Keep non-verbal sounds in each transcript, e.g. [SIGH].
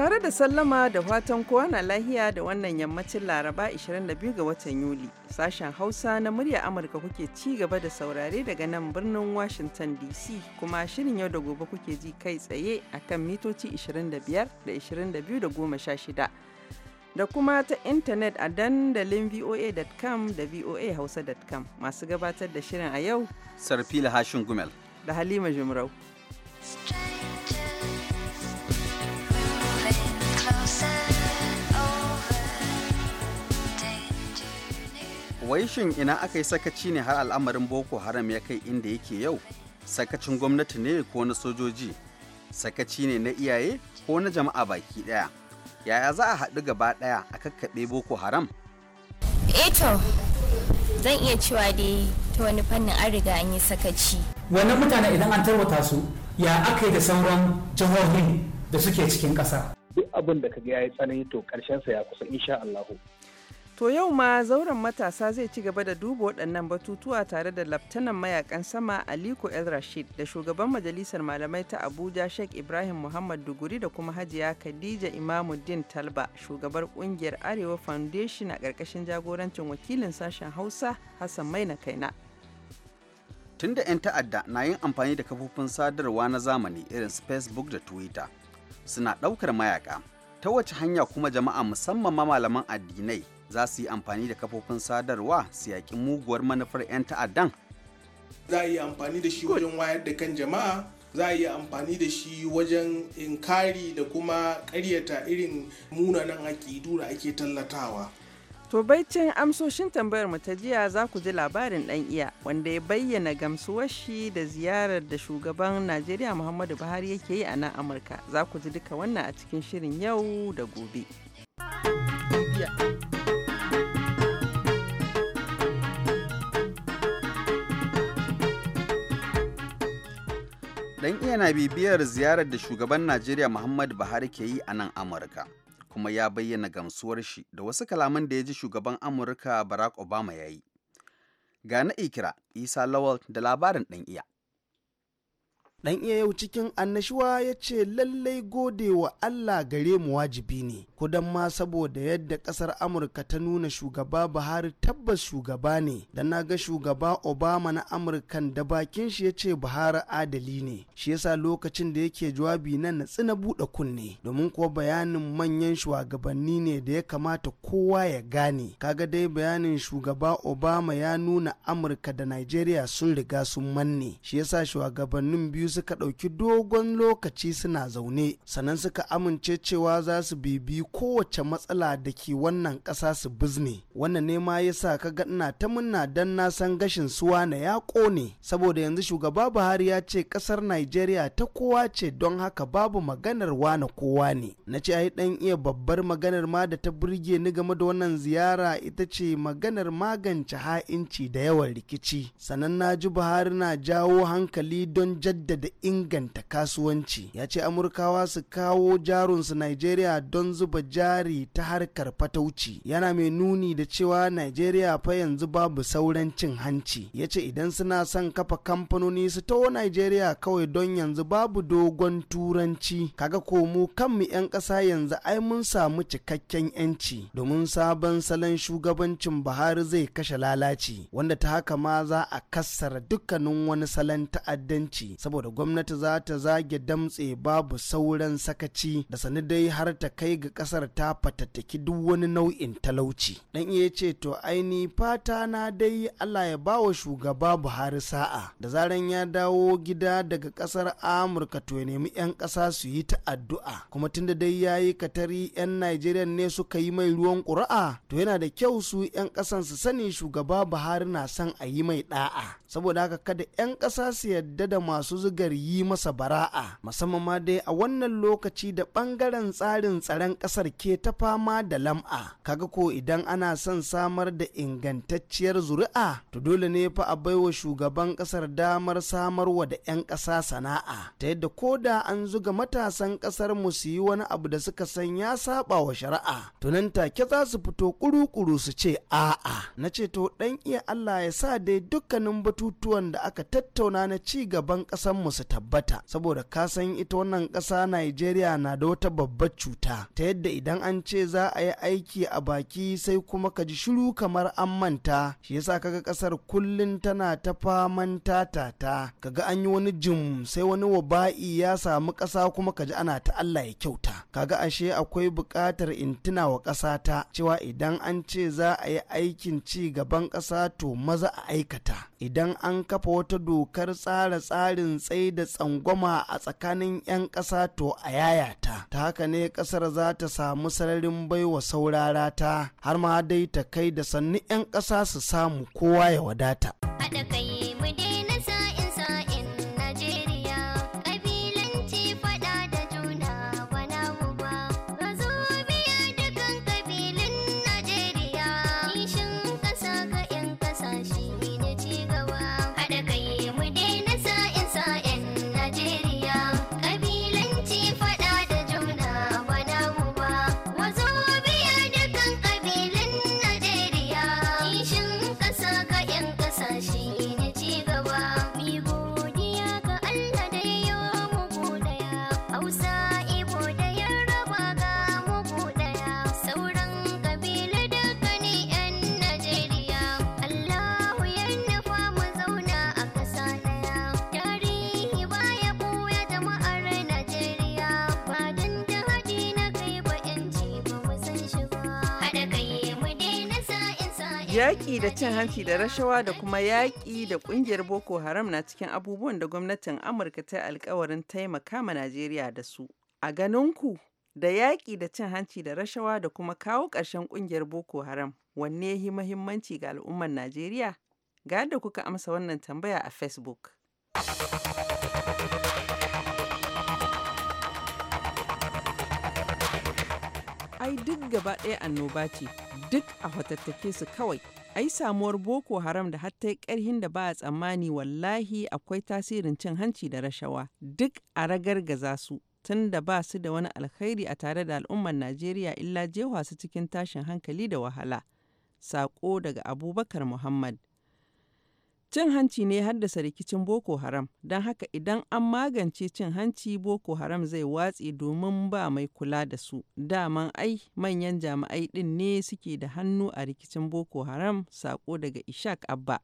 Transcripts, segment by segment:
Tare da sallama da fatan kowa na lahiya da wannan yammacin Laraba 22 ga watan Yuli. Sashen Hausa na murya Amurka kuke ci gaba da saurare daga nan birnin Washington DC kuma shirin yau da gobe kuke ji kai tsaye a kan mitoci 25 da 22 da kuma ta intanet a dandalin voa.com da voahausa.com masu gabatar da shirin a yau. Sarfila Hashin Gumel. Da Halima Jumrau. wai shin ina aka yi sakaci ne har al'amarin boko haram ya kai inda yake yau sakacin gwamnati ne ko na sojoji sakaci ne na iyaye ko na jama'a baki daya yaya za a haɗu gaba daya a kakkaɓe boko haram eto eh zan iya cewa dai ta wani fannin an riga an yi sakaci wani mutane idan an tarwata su ya aka yi da sauran jihohin da suke cikin ƙasa duk abin da ka ga ya yi tsanani to ƙarshensa ya kusa insha Allahu To yau ma zauren matasa zai ci gaba da duba waɗannan batutuwa tare da laftanan mayakan sama Aliko El Rashid da shugaban majalisar malamai ta Abuja Sheikh Ibrahim Muhammad Duguri da kuma Hajiya Khadija Imamuddin Talba shugabar kungiyar Arewa Foundation a ƙarƙashin jagorancin wakilin sashen Hausa Hassan Maina Kaina. Tun da 'yan ta'adda na yin amfani da kafofin sadarwa na zamani irin Facebook da Twitter suna ɗaukar mayaka ta wace hanya kuma jama'a musamman ma malaman addinai za su yi amfani da kafofin sadarwa su yaƙi muguwar manufar 'yan ta'addan za a yi amfani da shi wajen wayar da kan jama'a za a yi amfani da shi wajen inkari da kuma karyata irin munanan aƙidu da ake tallatawa To baicin amsoshin tambayar mu ta jiya za ku ji labarin ɗan iya wanda ya bayyana gamsuwar shi da ziyarar da shugaban Najeriya Muhammadu Buhari yake yi a nan Amurka. Za ku ji duka wannan a cikin shirin yau da gobe. dan iya na bibiyar ziyarar da shugaban najeriya muhammadu buhari ke yi a nan amurka kuma ya bayyana gamsuwar shi da wasu kalaman da ya ji shugaban amurka barack obama ya yi ga ikira isa lawal da labarin dan iya dan iya yau cikin annashuwa ya ce lallai gode wa allah gare mu wajibi ne kudan ma saboda yadda kasar amurka ta nuna shugaba buhari tabbas shugaba ne da na ga shugaba obama na amurkan da bakin shi ya ce buhari adali ne shi yasa lokacin da yake jawabi nan na tsina buɗe kunne domin kuwa bayanin manyan shugabanni ne da ya kamata kowa ya gane kaga dai bayanin shugaba obama ya nuna amurka da nigeria sun riga sun manne shi yasa shugabannin biyu suka ɗauki dogon lokaci suna zaune sannan suka amince cewa za su bibi kowace matsala da ke wannan ƙasa su bizne wannan ne ma ya sa kaga ina ta munna dan na san gashin suwa na ya kone saboda yanzu shugaba buhari ya ce ƙasar nigeria ta kowa ce don haka babu maganar wane kowa ne na ce ai dan iya babbar maganar ma da ta burge ni game da wannan ziyara ita ce maganar magance ha'inci da yawan rikici sannan na ji buhari na jawo hankali don jaddada da inganta kasuwanci ya ce amurkawa su kawo jarunsu nigeria don zuba jari ta harkar fatauci yana mai nuni da cewa nigeria fa yanzu babu sauran cin hanci ya ce idan suna son kafa kamfanoni su taho nigeria kawai don yanzu babu dogon turanci kaga ko mu kanmu 'yan ƙasa yanzu ai mun samu cikakken 'yanci domin sabon salon shugabancin buhari zai kashe lalaci wanda ta haka ma za a kassara dukkanin wani salon ta'addanci saboda da gwamnati za ta zage damtse babu sauran sakaci da sani dai har ta kai ga kasar ta fatattaki duk wani nau'in talauci dan iya ce to aini fata na dai Allah ya bawa shugaba Buhari sa'a da zaran ya dawo gida daga kasar Amurka to ya nemi 'yan kasa su yi ta addu'a kuma tunda dai ya yi katari 'yan nigeria ne suka yi mai ruwan ƙuri'a to yana da kyau su 'yan kasan su sani shugaba Buhari na son a yi mai ɗa'a saboda haka kada 'yan kasa su yadda da masu zuga bangar yi masa bara'a musamman ma dai a wannan lokaci da bangaren tsarin tsaron kasar ke ta fama da lam'a kaga ko idan ana son samar da ingantacciyar zuri'a to dole ne fa a baiwa shugaban kasar damar samarwa da 'yan ƙasa sana'a ta yadda ko da an zuga matasan ƙasar mu su yi wani abu da suka san ya saba wa shari'a to take za su fito kuru-kuru su ce a'a na ce to dan iya Allah ya sa dai dukkanin batutuwan da aka tattauna na ci gaban kasar mu samu su tabbata saboda ka san ita wannan ƙasa Najeriya na da wata babbar cuta ta yadda idan an ce za a yi aiki a baki sai kuma ka ji shiru kamar an manta shi yasa kaga ƙasar kullun tana ta faman tatata kaga an yi wani jim sai wani waba'i ya samu ƙasa kuma ka ji ana ta Allah ya kyauta kaga ashe akwai buƙatar in tuna wa ƙasa ta cewa idan an ce za a yi aikin ci gaban ƙasa to maza a aikata idan an kafa wata dokar tsara tsarin tsaye kalamai da tsangwama a tsakanin 'yan ƙasa to a yayata ta haka ne ƙasar za ta samu sararin baiwa saurara ta har ma dai ta kai da sannu 'yan ƙasa su samu kowa ya wadata. Yaƙi da cin hanci da rashawa da kuma yaƙi da ƙungiyar Boko Haram na cikin abubuwan da gwamnatin Amurka ta yi alkawarin taimaka ma Najeriya da su. A ganin ku da yaƙi da cin hanci da rashawa da kuma kawo ƙarshen ƙungiyar Boko Haram wanne ya yi mahimmanci ga al'ummar Najeriya? Ga da kuka amsa wannan tambaya a Facebook. ai duk gaba ɗaya annoba ce duk a hotattake su kawai ai samuwar boko haram da hatta ƙarhin da ba a tsammani wallahi akwai tasirin cin hanci da rashawa duk a ragar gaza su tun da ba su da wani alkhairi a tare da al'ummar najeriya illa jewa su cikin tashin hankali da wahala sako daga abubakar muhammad Cin hanci ne haddasa rikicin Boko Haram, don haka idan an magance cin hanci Boko Haram zai watse domin ba mai kula da su. Daman ai manyan jami'ai ɗin ne suke da hannu a rikicin Boko Haram sako daga Ishak Abba.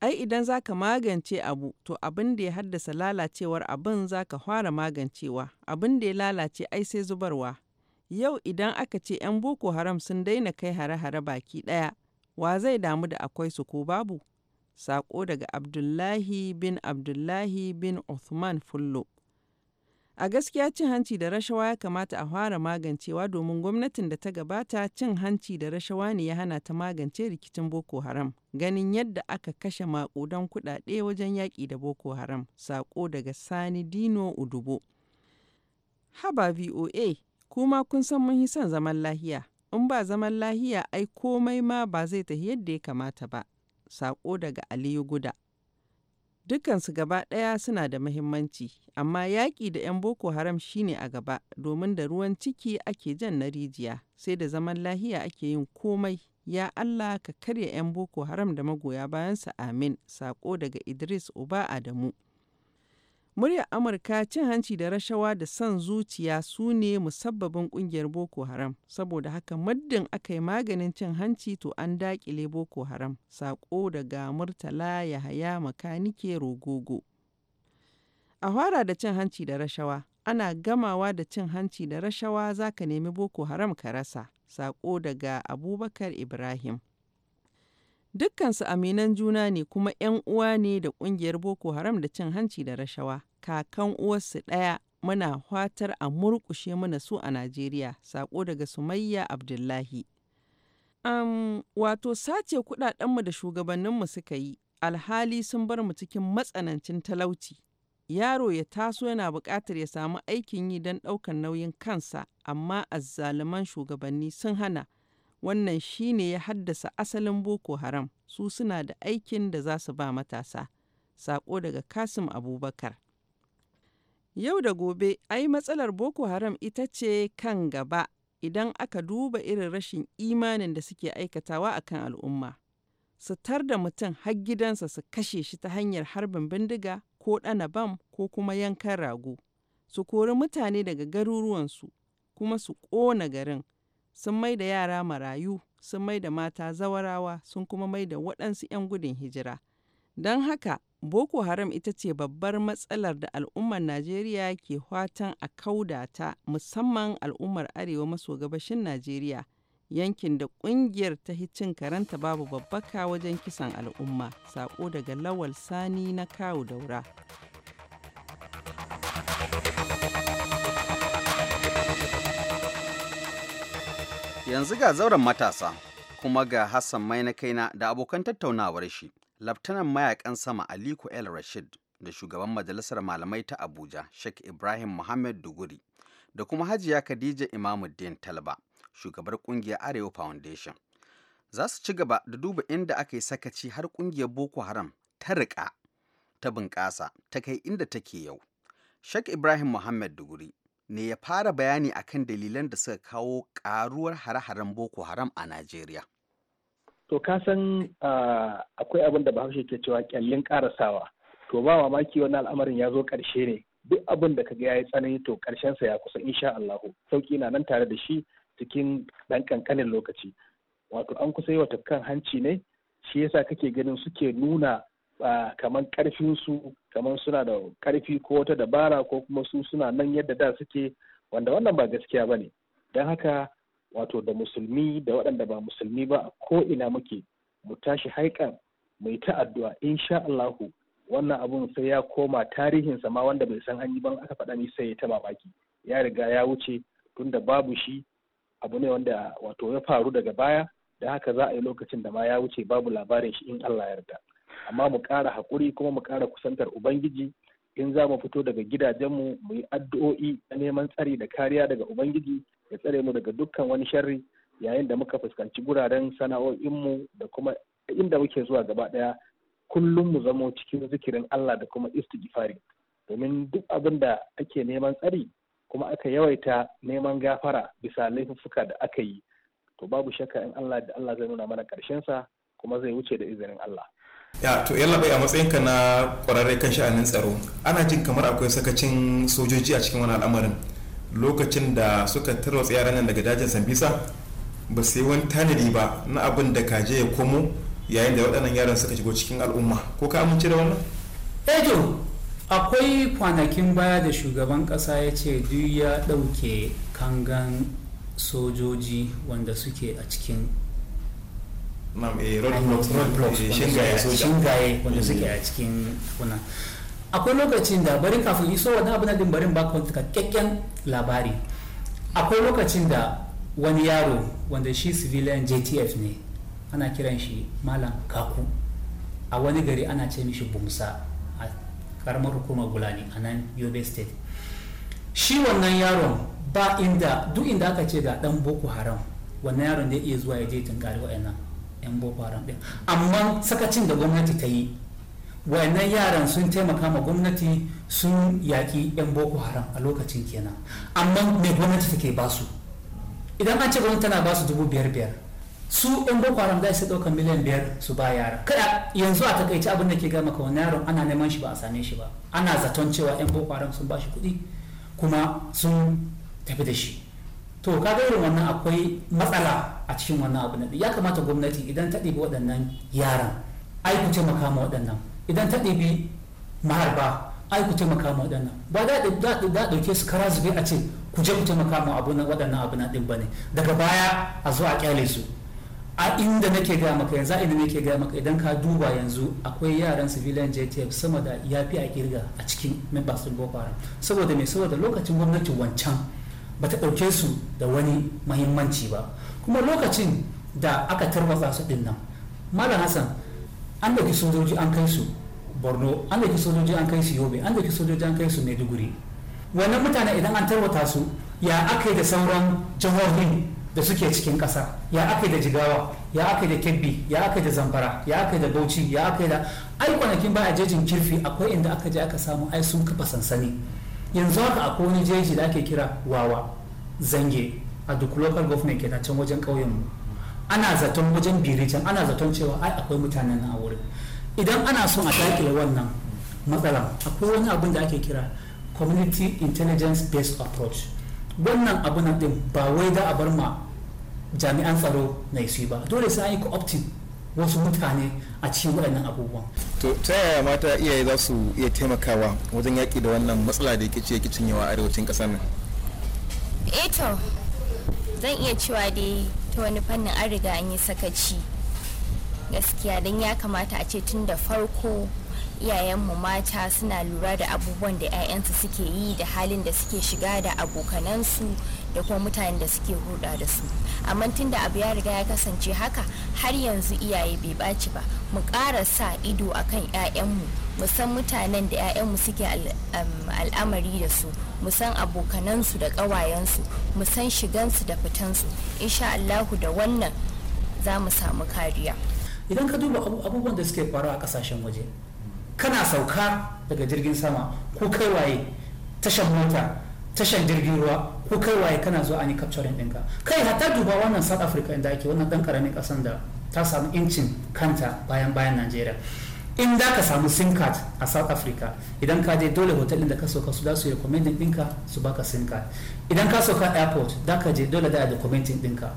Ai idan za ka magance abu, to abin da ya haddasa lalacewar abin za ka fara magancewa, abin da ya lalace ai sai zubarwa. Yau idan aka ce 'yan Boko Haram sun daina kai hare-hare baki ɗaya, wa zai damu da akwai su ko babu? saƙo daga Abdullahi bin Abdullahi bin Uthman Fullo. A gaskiya cin hanci da rashawa ya kamata a fara magancewa domin gwamnatin da ta gabata cin hanci da rashawa ne ya hana ta magance rikicin Boko Haram. Ganin yadda aka kashe maƙudan kuɗaɗe wajen yaƙi da Boko Haram. saƙo daga Sani Dino Udubo. Haba VOA, kuma kun san mun son zaman lahiya. In ba zaman lahiya ai komai ma ba zai tafi yadda ya kamata ba. Sako daga Aliyu Guda. dukansu gaba ɗaya suna da muhimmanci, amma yaƙi da 'yan Boko Haram shine a gaba, domin da ruwan ciki ake jan na rijiya, sai da zaman lahiya ake yin komai. Ya Allah ka karya 'yan Boko Haram da magoya su amin. Sako daga Idris Uba Adamu. Muryar Amurka cin hanci da rashawa da son zuciya su ne musabbabin kungiyar Boko Haram, saboda haka muddin aka yi maganin cin hanci to an dakile Boko Haram, saƙo daga Murtala Yahaya Makanike Rogogo. A fara da cin hanci da rashawa, ana gamawa da cin hanci da rashawa za ka nemi Boko Haram ka rasa, saƙo daga Abubakar Ibrahim. Dukkansu aminan juna ne kuma 'yan uwa ne da ƙungiyar Boko Haram da cin hanci da rashawa. Kakan uwarsu ɗaya, muna hwatar a murƙushe mana su a Najeriya. saƙo daga Sumayya Abdullahi. Um, wato sace kuɗaɗenmu da shugabanninmu suka yi, alhali sun bar mu cikin matsanancin talauci. Yaro ya taso yana buƙatar ya samu aikin yi don ɗaukar nauyin kansa, amma azzaluman shugabanni sun hana. wannan shi ne ya haddasa asalin boko haram su suna da aikin da za su ba matasa Saƙo daga kasim abubakar yau da gobe ai matsalar boko haram ita ce kan gaba idan aka duba irin rashin imanin da suke aikatawa a kan al'umma su tar da mutum har gidansa su kashe shi ta hanyar harbin bindiga ko ɗana bam ko kuma yankan rago su kori mutane daga garuruwansu kuma su ƙona garin Sun mai da yara marayu, sun da mata zawarawa, sun kuma mai da waɗansu 'yan gudun hijira. Don haka, Boko Haram ita ce babbar matsalar da al'ummar Najeriya ke fatan a kaudata musamman al'ummar Arewa maso gabashin Najeriya, yankin da ƙungiyar ta cin karanta babu babbaka wajen kisan al'umma. Sako daga Lawal Sani na Kawu Daura. Yanzu ga zauren matasa kuma ga Hassan mai na kaina da abokan tattaunawar shi, Laftanan mayakan sama Aliko El Rashid da shugaban majalisar malamai ta Abuja, Sheikh Ibrahim Muhammad Duguri, da kuma Hajiya Khadija Imamuddin Talba, shugabar kungiyar Arewa Foundation. Za su ci gaba da duba inda aka yi sakaci har kungiyar Boko Haram ta riƙa ta bunƙasa ta kai inda take yau. Sheikh Ibrahim Muhammad Duguri ne ya fara bayani akan dalilan da suka kawo karuwar hare-haren Boko Haram a Najeriya. To kasan akwai abin da Bahaushe ke cewa kyallin karasawa. To ba mamaki wani al'amarin ya zo ƙarshe ne. Duk abin da kaga ya yi tsanani to sa ya kusa insha Allahu. Sauki na nan tare da shi cikin ɗan ƙanƙanin lokaci. Wato an kusa yi wa tafkan hanci ne shi yasa kake ganin suke nuna kamar karfinsu kamar suna da karfi ko wata dabara ko kuma su suna nan yadda da suke wanda wannan ba gaskiya ba ne don haka wato da musulmi da waɗanda ba musulmi ba a ko ina muke mu tashi haikan mai ta addu'a insha Allahu wannan abun sai ya koma tarihin sama wanda bai san an yi ban aka faɗa ni sai ya ta baki ya riga ya wuce tunda babu shi abu ne wanda wato ya faru daga baya da haka za a yi lokacin da ma ya wuce babu labarin shi in Allah yarda amma mu ƙara haƙuri kuma mu ƙara kusantar ubangiji in za mu fito daga gidajenmu mu yi addu'o'i na neman tsari da kariya daga ubangiji ya tsare mu daga dukkan wani sharri yayin da muka fuskanci guraren sana'o'inmu da kuma inda muke zuwa gaba ɗaya kullum mu zamo cikin zikirin Allah da kuma istighfari domin duk abin da ake neman tsari kuma aka yawaita neman gafara bisa laifuffuka da aka yi to babu shakka in Allah da Allah zai nuna mana karshen kuma zai wuce da izinin Allah ya to yalla bai a ka na kwararre kan sha'anin tsaro ana jin kamar akwai sakacin sojoji a cikin wani al'amarin lokacin da suka tarwatsa yaran nan daga dajin sambisa ba su yi wani tanadi ba na abin da kaje ya komo yayin da waɗannan yaran suka shigo cikin al'umma ko ka amince da wannan ejo eh akwai kwanakin baya da shugaban ƙasa ya ce duk ya ɗauke kangan sojoji wanda suke a cikin shingaye wanda suke a cikin kuna akwai lokacin da bari kafin iso wani abu na din barin bakon cikakken labari akwai lokacin da wani yaro wanda shi civilian jtf ne ana kiran shi malam kaku a wani gari ana ce mishi bumsa a karamar hukumar gulani a nan yobe state shi wannan yaron ba inda duk inda aka ce ga dan boko haram wannan yaron da iya zuwa ya je tunkari wa'annan 'yan boko haram ɗin amma sakacin da gwamnati ta yi wayannan yaran sun taimaka ma gwamnati sun yaƙi 'yan boko haram a lokacin kenan amma me gwamnati take ba su idan an ce gwamnati tana ba su dubu biyar biyar su 'yan boko haram za su ɗauka miliyan biyar su ba yara kada yanzu a takaice abin da ke gama ka wani yaron ana neman shi ba a same shi ba ana zaton cewa 'yan boko haram sun ba shi kuɗi kuma sun tafi da shi to kaga irin wannan akwai matsala a cikin wannan abu na ya kamata gwamnati idan ta ɗibi waɗannan yaran ai ku taimaka ma waɗannan idan ta ɗibi maharba ai ku taimaka ma waɗannan ba da ɗauke su kara zube a ce ku je ku taimaka ma abu na waɗannan abu na ɗin bane daga baya a zo a kyale su a inda nake gaya maka yanzu a inda nake gaya maka idan ka duba yanzu akwai yaran civilian JTF sama da yafi a kirga a cikin members din Boko Haram saboda me saboda lokacin gwamnati wancan ba ta ɗauke su da wani mahimmanci ba kuma lokacin da aka tarwatsa su ɗin nan malam hassan an ɗauki sojoji an kai su borno an ɗauki sojoji an kai su yobe an ɗauki sojoji an kai su maiduguri wannan mutane idan an tarwata su ya aka yi da sauran jihohin da suke cikin ƙasa ya aka yi da jigawa ya aka yi da kebbi ya aka yi da zamfara ya aka yi da bauchi ya aka yi da ai kwanakin ba a jejin kirfi akwai inda aka je aka samu ai sun kafa sansani yanzu haka akwai wani jeji da ake kira wawa zange a duk local government ke can wajen ƙauyenmu ana zaton wajen birijan ana zaton cewa ai akwai mutanen na wurin idan ana son a dakile wannan matsalan akwai wani abin da ake kira community intelligence based approach wannan abin din ba wai da a bar ma jami'an tsaro na isi ba dole sai an yi co-opting wasu mutane a cikin waɗannan abubuwan. To ta yaya mata iyaye za su iya taimakawa wajen yaƙi da wannan matsala da yake yake cinyewa arewacin ƙasar nan? Eh to zan iya cewa dai ta wani fannin an riga an yi sakaci gaskiya don ya kamata a ce tun da farko iyayenmu mata suna lura da abubuwan da 'ya'yansu suke yi da halin da suke shiga da abokanansu da kuma mutanen da suke hulɗa da su amma da abu ya riga ya kasance haka har yanzu iyaye bai ɓaci ba mu ƙara sa ido a kan 'ya'yanmu mu san mutanen da 'ya'yanmu suke al'amari da su mu san abokanansu da ƙawayensu mu san shigansu da fitansu insha Allahu da wannan za mu samu kariya idan ka duba abubuwan da suke faruwa a kasashen waje kana sauka daga jirgin sama ko kai waye tashar mota tashan jirgin ruwa ko kai waye kana zuwa an yi capturing ɗinka kai hatta duba wannan south africa inda ake wannan ɗan ƙaramin ƙasan da ta samu incin kanta bayan bayan najeriya in da ka samu sim card a south africa idan ka je dole hotel ɗin da ka soka su da su recommending ɗinka su baka sim card idan ka soka airport da ka je dole da a documenting ɗinka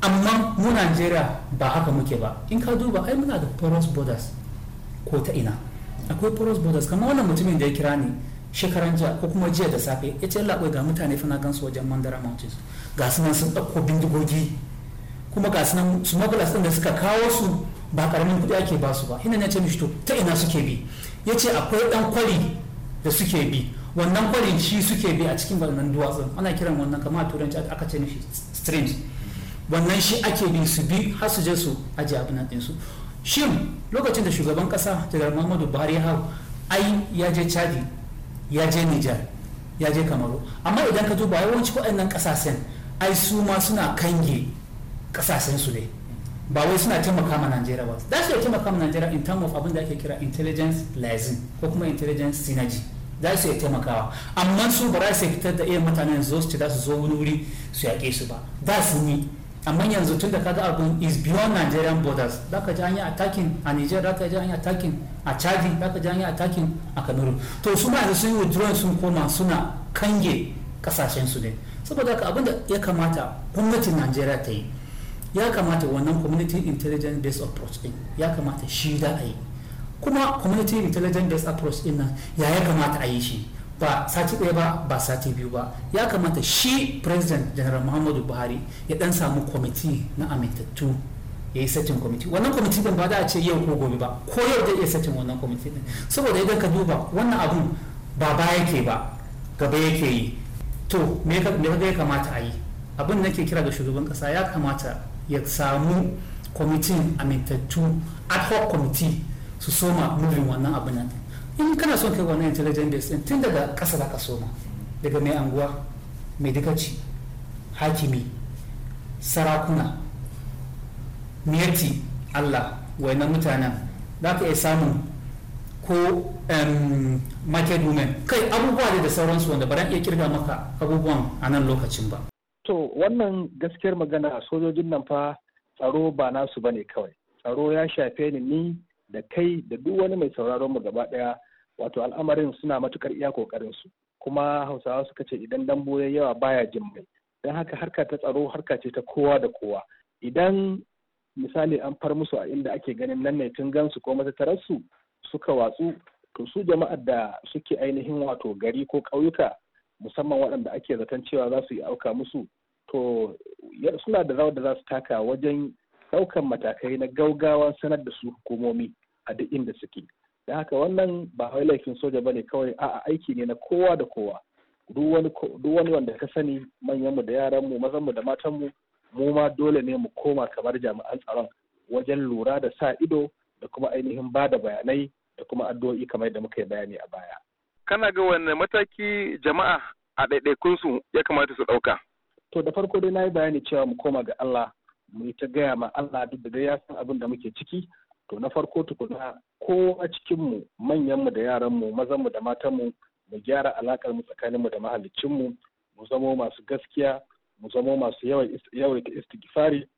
amma mu Najeriya ba haka muke ba in ka duba ai muna da porous borders ko ta ina akwai porous borders kamar wannan mutumin da ya kira ni shekaran jiya ko kuma jiya da safe ya ce Allah ga mutane fana gansu wajen mandara mountains ga su nan sun ɗauko bindigogi kuma ga su nan smugglers ɗin da suka kawo su ba karamin kuɗi ake ba su ba hina ne ce mishi to ta ina suke bi ya ce akwai ɗan kwari da suke bi wannan kwarin shi suke bi a cikin wannan duwatsun ana kiran wannan kama a turanci aka ce mishi streams wannan shi ake bi su bi har su je su ajiye abin nan ɗinsu shin lokacin da shugaban ƙasa jagar muhammadu buhari hau ai ya je chadi ya je Nijar ya je Kamaru amma idan ka duba yawanci waɗannan ƙasashen ai su ma suna kange ƙasashen su ne ba wai suna taimaka ma Najeriya ba za su ya taimaka ma Najeriya in term of abin da ake kira intelligence liaison ko kuma intelligence synergy da su taimakawa amma su ba za su fitar da iya mutanen zo su ci da su zo wani wuri su yaƙe su ba da su ni. amma yanzu tun da kaga abun is beyond Nigerian borders za ka ji an yi attacking a Niger za ka ji an yi attacking a Chadi za ka ji an yi attacking a Cameroon to su ma yanzu sun yi withdrawal sun koma suna kange kasashen su ne saboda haka abin da ya kamata gwamnatin Nigeria ta yi ya kamata wannan community intelligence based approach din ya kamata shi da a yi kuma community intelligence based approach din nan ya ya kamata a yi shi ba sati ɗaya ba ba sati biyu ba ya kamata shi president general muhammadu buhari ya dan samu kwamiti na amintattu ya yi satin kwamiti wannan kwamiti din ba da a ce yau ko gobe ba ko yau zai iya satin wannan kwamiti din saboda idan ka duba wannan abu ba ba yake ba gaba yake yi to me ya kamata a yi abin da nake kira ga shugaban kasa ya kamata ya samu kwamitin amintattu ad hoc kwamiti su soma mulin wannan abin nan in kana son kai wannan intelligent base din tun daga kasa za ka soma daga mai anguwa mai dikaci hakimi sarakuna miyati allah na mutanen za ka iya samun ko market women kai abubuwa ne da sauransu wanda ba iya kirga maka abubuwan a nan lokacin ba to wannan gaskiyar magana sojojin nan fa tsaro ba nasu ba ne kawai tsaro ya shafe ni ni da kai da duk wani mai sauraron mu gaba ɗaya wato al'amarin suna matukar iya kokarin su kuma hausawa suka ce idan dambo ya yawa baya jin mai don haka harka ta tsaro harka ce ta kowa da kowa idan misali an far musu a inda ake ganin nan ne tun gansu ko su suka watsu to su jama'ar da suke ainihin wato gari ko ƙauyuka musamman waɗanda ake zaton cewa za su yi auka musu to suna da rawar da za su taka wajen ɗaukan matakai na gaugawan sanar da su hukumomi a duk inda suke da haka wannan ba wai laifin soja bane kawai a'a aiki ne na kowa da kowa duk wani wanda ka sani manyanmu da yaranmu mazanmu da matanmu mu ma dole ne mu koma kamar jami'an tsaron wajen lura da sa ido da kuma ainihin ba da bayanai da kuma addu'o'i kamar da muka yi bayani a baya. Kana ga wani mataki jama'a a ɗaiɗaikunsu ya kamata su ɗauka? To da farko dai na yi bayani cewa mu koma ga Allah mu ta gaya ma Allah duk da ya san abin da muke ciki to na farko tukuna ko a cikin mu manyan mu da yaranmu mu mazan mu da matanmu. mu gyara alakar mu tsakanin mu da mahallicin mu mu zamo masu gaskiya mu zamo masu yawan yawaita istighfari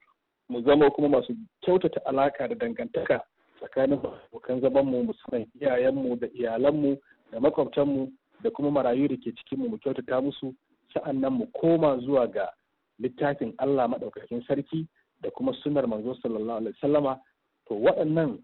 mu zamo kuma masu kyautata alaka da dangantaka tsakanin abokan zaman mu musamman iyayen da iyalanmu da makwabtan da kuma marayu da ke cikin mu mu kyautata musu sa'annan mu koma zuwa ga littafin Allah maɗaukakin sarki da kuma sunar manzo sallallahu alaihi wasallama to waɗannan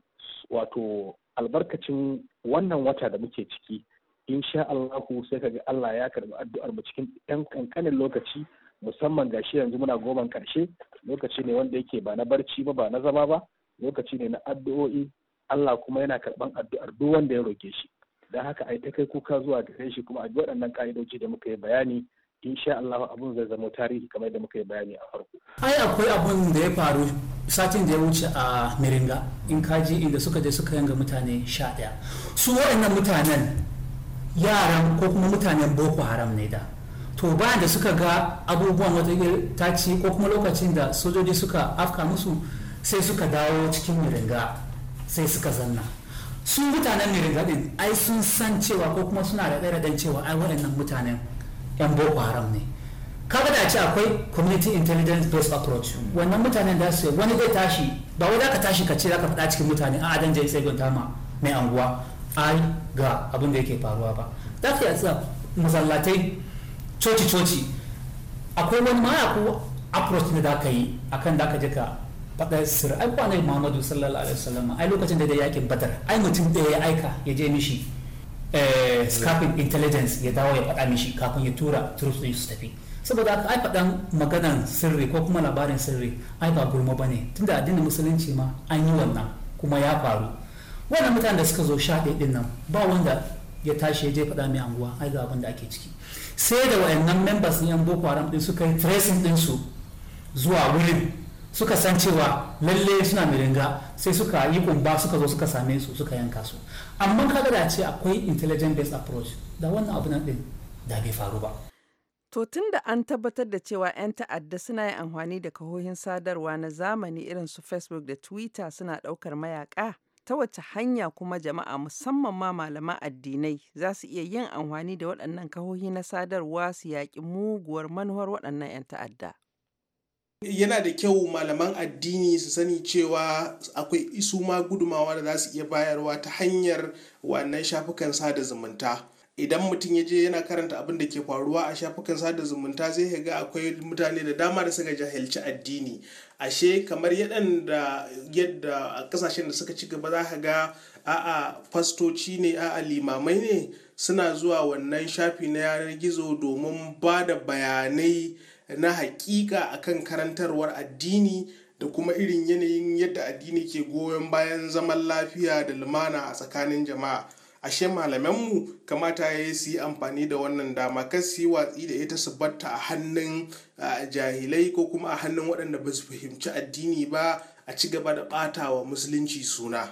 wato albarkacin wannan wata da muke ciki insha Allahu sai kaga Allah ya karɓi addu'ar mu cikin ɗan kankanin lokaci musamman ga shi yanzu muna goman karshe lokaci ne wanda yake ba na barci ba ba na zama ba lokaci ne na addu'o'i Allah kuma yana karban addu'ar duk wanda ya roke shi don haka ai ta kai kuka zuwa gare shi kuma a waɗannan ƙa'idoji da muka yi bayani insha Allah abun zai zama tarihi kamar da muka yi bayani a farko. Ai akwai abun da ya faru satin da ya wuce a Miringa in kaji inda suka je suka yanga mutane sha ɗaya. Su waɗannan mutanen yaran ko kuma mutanen Boko Haram ne da. To bayan da suka ga abubuwan wata ta ko kuma lokacin da sojoji suka afka musu sai suka dawo cikin Miringa sai suka zanna. sun mutanen ne ɗin ai sun san cewa ko kuma suna da raɗen cewa ai waɗannan mutanen yan boko haram ne kaga da ce akwai community intelligence based approach wannan mutanen da su wani zai tashi ba wai zaka tashi ka ce zaka faɗa cikin mutane a adan jai sai gunta ma mai anguwa ai ga abin da yake faruwa ba da ka yi musallatai coci coci akwai wani ma ya approach ne da ka yi akan da ka je ka faɗa sirri ai kwanai muhammadu sallallahu alaihi wasallam ai lokacin da da yakin badar ai mutum ɗaya ya aika ya je mishi Eh, scaping intelligence ya dawo ya faɗa mishi kafin ya tura truth din su tafi saboda aka ai faɗan maganan sirri ko kuma labarin sirri ai ba gulma bane tunda addinin musulunci ma an yi wannan kuma ya faru wannan mutanen da suka zo sha ɗaya ɗin nan ba wanda ya tashi ya je faɗa mai anguwa ai ga abin da ake ciki sai da wayannan members ɗin yan boko haram ɗin suka yi tracing ɗin su zuwa wurin suka san cewa lalle suna miringa sai suka yi kumba suka zo suka same su suka yanka su amma kaga da ce akwai intelligent based approach da wannan abu nan din da bai faru ba To tun da an tabbatar da cewa 'yan ta'adda suna yin amfani da kahohin sadarwa na zamani irin su Facebook da Twitter suna ɗaukar mayaka ta wace hanya kuma jama'a musamman ma malaman addinai za su iya yin amfani da waɗannan kahohi na sadarwa su yaƙi muguwar manuwar waɗannan 'yan ta'adda. yana da kyau malaman addini su sani cewa akwai isu ma gudumawa da za su iya bayarwa ta hanyar wannan shafukan sada zumunta idan mutum ya je yana karanta abin da ke faruwa a shafukan sada zumunta zai ga akwai mutane da dama da suka jahilci addini ashe kamar yadan da yadda a kasashen da suka ci gaba za ka ga a'a fastoci ne a'a limamai ne suna zuwa wannan shafi na yanar gizo domin ba da bayanai na hakika akan karantarwar addini da kuma irin yanayin yadda addini ke goyon bayan zaman lafiya da lumana a tsakanin jama'a ashe malamanmu kamata ya yi su yi amfani da wannan dama kar su yi watsi da ita su batta a hannun jahilai ko kuma a hannun waɗanda ba su fahimci addini ba a ci gaba da ɓata wa musulunci suna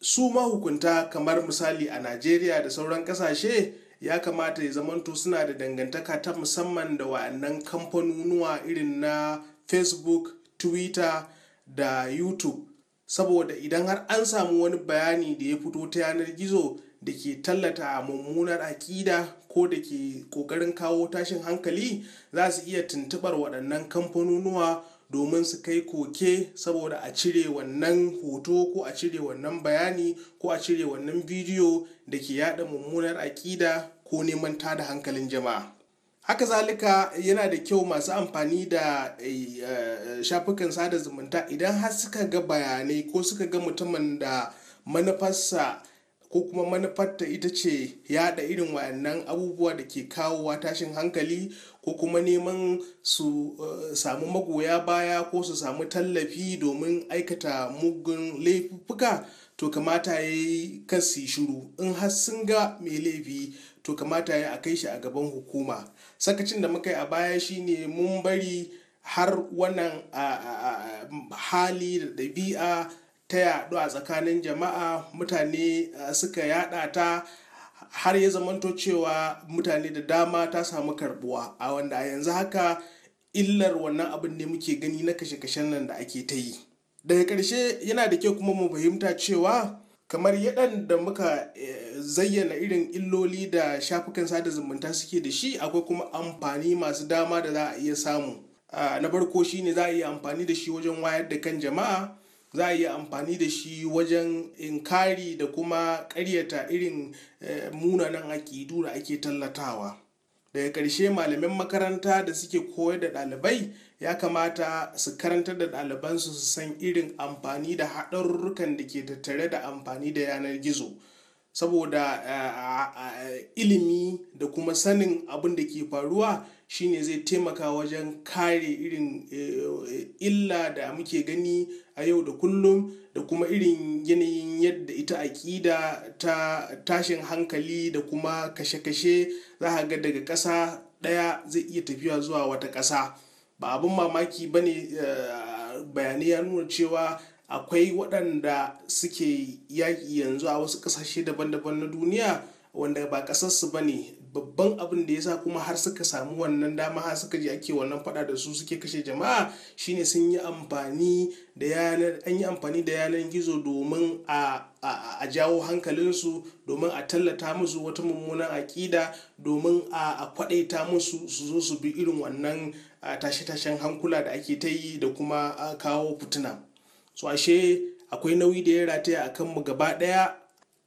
su mahukunta kamar misali a najeriya da sauran ƙasashe ya kamata ya zamanto suna da dangantaka ta musamman da wa'annan kamfanonuwa irin na facebook twitter da youtube saboda idan har an samu wani bayani da ya fito ta yanar gizo da ke tallata a mummunar aƙida ko da ke kokarin kawo tashin hankali za su iya tuntubar waɗannan kamfanonuwa domin su kai koke saboda a cire wannan hoto ko a cire wannan bayani ko a cire wannan bidiyo da ke yada mummunar aƙida ko neman tada hankalin jama'a haka zalika yana da kyau masu amfani da eh, eh, shafukan sada zumunta idan har suka ga bayanai ko suka ga mutumin da manufarsa ko kuma manufarta ita ce yada irin wayannan abubuwa da ke kawowa tashin hankali ko kuma neman su eh, samu magoya baya ko su samu tallafi domin aikata mugun laifuka to kamata ya yi kasi shiru in har sun ga mai laifi to kamata ya a kai shi a gaban hukuma sakacin da muka yi a baya shine mun bari har wannan hali da ɗabi'a ta yaɗu a tsakanin jama'a mutane suka yaɗa ta har ya zamanto cewa mutane da dama ta samu karbuwa a wanda yanzu haka illar wannan abin ne muke gani na kashe-kashen nan da ake ta yi. daga ƙarshe yana da kyau kuma mu fahimta cewa kamar yadan da muka eh, zayyana irin illoli da shafukan sada zumunta suke da shi akwai kuma amfani masu dama da za a iya samu na farko shine za a iya amfani da shi wajen wayar da kan jama'a za a iya amfani da shi wajen inkari da kuma karyata irin eh, munanan akidu da ake tallatawa daga ƙarshe malaman makaranta da suke koyar da ɗalibai ya kamata su karanta da ɗalibansu su san irin amfani da haɗarurrukan da ke tattare da amfani da yanar gizo saboda eh, ilimi da kuma sanin abin da ke faruwa shine zai taimaka wajen kare irin eh, illa da muke gani a yau da kullum da kuma irin yanayin yadda ita aƙida ta tashin hankali da kuma kashe-kashe za ga daga ƙasa ɗaya zai iya tafiya zuwa wata ƙasa ba abin mamaki ba ne eh, bayanai ya nuna cewa akwai waɗanda suke yaƙi yanzu a wasu ƙasashe daban-daban na duniya wanda ba ƙasarsu ba ne babban abin da ya sa kuma har suka samu wannan dama har suka je ake wannan fada da su suke kashe jama'a shine sun an yi amfani da yanar gizo domin a a jawo hankalinsu domin a tallata musu wata mummunan aƙida domin a kwaɗaita musu su zo su bi irin wannan tashe-tashen hankula da ake ta yi da kuma kawo fituna so ashe akwai nauyi da ya rataya a kanmu gaba ɗaya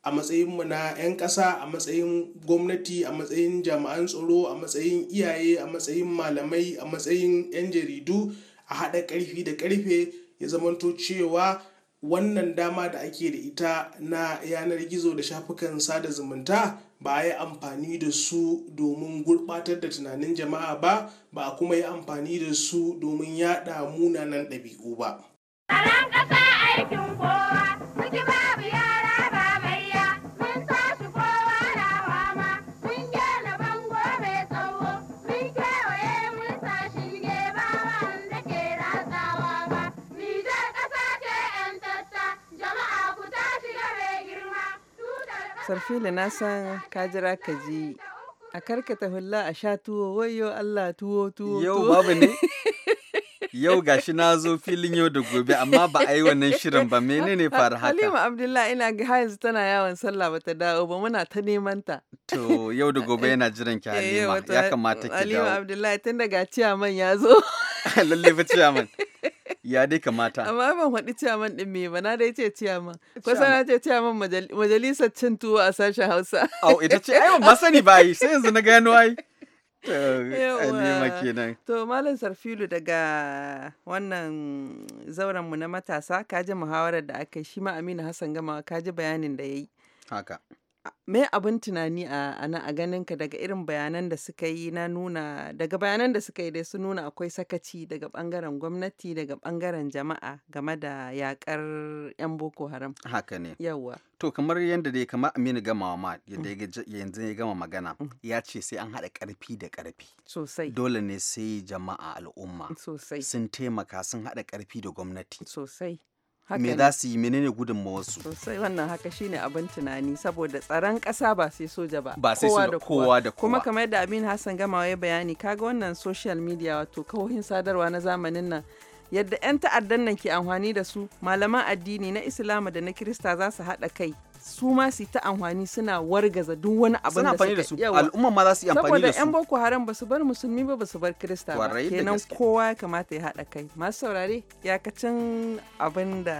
a matsayinmu na 'yan ƙasa a matsayin gwamnati a matsayin jami'an tsaro a matsayin iyaye a matsayin malamai a matsayin 'yan jaridu a haɗa ƙarfi da ƙarfe ya zamanto cewa wannan dama da ake da ita na yanar gizo da shafukan sada zumunta ba a yi amfani da su domin gurɓatar da tunanin jama'a ba ba a kuma yi amfani da su domin yada munanan ɗabi'u ba. aikin kowa. fili na san ka jira ka ji a karkata hula a sha tuwo yau Allah tuwo tuwo yau babu ne [LAUGHS] yau gashi na zo filin yau da gobe amma ba a yi wannan shirin ba menene fara haka Halima Abdullahi ina ga yanzu tana yawon sallah bata dawo ba muna ta neman ta to yau da gobe yana jiran ki [LAUGHS] eh, Halima ya kamata ki dawo Halima Abdullahi tun daga ciyaman ya zo [LAUGHS] lalle fa ciyaman ya dai kamata amma ban faɗi ciyaman ɗin me ba na dai ce ciyaman Kwasa na ce ciyaman majalisar cin tuwo a sashen hausa au ita ce ai masani sani ba yi sai yanzu na gano ai To Malam Sarfilu daga wannan zaurenmu na matasa kaji muhawarar da aka yi shi ma Aminu Hassan gama kaji bayanin da ya yi. Haka. me abin tunani a ana a ganin ka daga irin bayanan da suka yi na nuna daga bayanan da suka yi dai su nuna akwai sakaci daga bangaren gwamnati daga bangaren jama'a game da yakar yan boko haram haka ne yawa to kamar yadda dai kamar aminu gama ma yadda mm. yanzu ya gama magana mm. ya ce sai an haɗa ƙarfi da ƙarfi sosai dole ne sai jama'a al'umma sosai sun taimaka sun haɗa ƙarfi da gwamnati sosai me za su yi menene gudunmawarsu sosai wannan haka shine abin tunani saboda tsaron ƙasa ba sai soja ba ba sai soja kowa da kowa kuma kamar yadda amin hassan gamawa ya bayani kaga wannan social media wato kawohin sadarwa na zamanin nan yadda 'yan ta'addan nan ke amfani da su malaman addini na islama da na kirista za su haɗa kai su ma su ta amfani suna wargaza duk wani abin da suka da al'umma ma za su yi amfani da su saboda yan boko haram ba su bar musulmi ba ba su bar krista ba kenan kowa ya kamata ya haɗa kai masu saurare yakacin abin da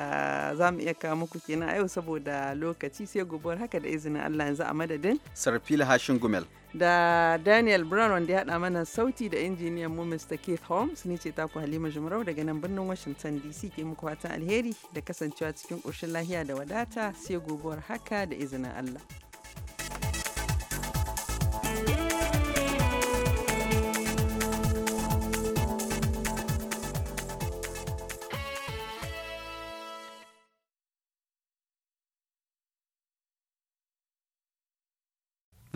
za mu iya kawo muku kenan a yau saboda lokaci sai gobe haka da izinin Allah yanzu a madadin sarfil hashin gumel da Daniel Brown wanda ya haɗa mana sauti da injiniyan mu Mr. Keith Holmes ni ce taku Halima Jumarau daga nan birnin Washington DC ke muku fatan alheri da kasancewa cikin ƙoshin lahiya da wadata sai gobuwar haka da izinin Allah.